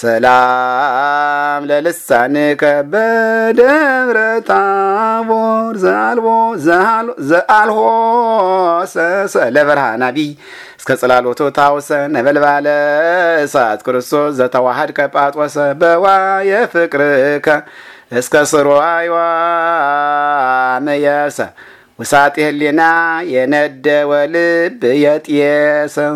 ሰላም ለልሳንከ በደብረ ታቦር ዘአልቦ ዘአልሆ ለብርሃን አብይ እስከ ጽላሎቶ ታውሰ ነበልባለ እሳት ክርስቶስ ዘተዋሃድከ ከጳጦሰ በዋየ ፍቅርከ እስከ ስሮአይዋ መየሰ ውሳጤ ህሊና የነደወ ልብ የጥየሰ